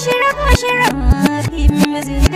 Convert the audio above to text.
shirin shirin fim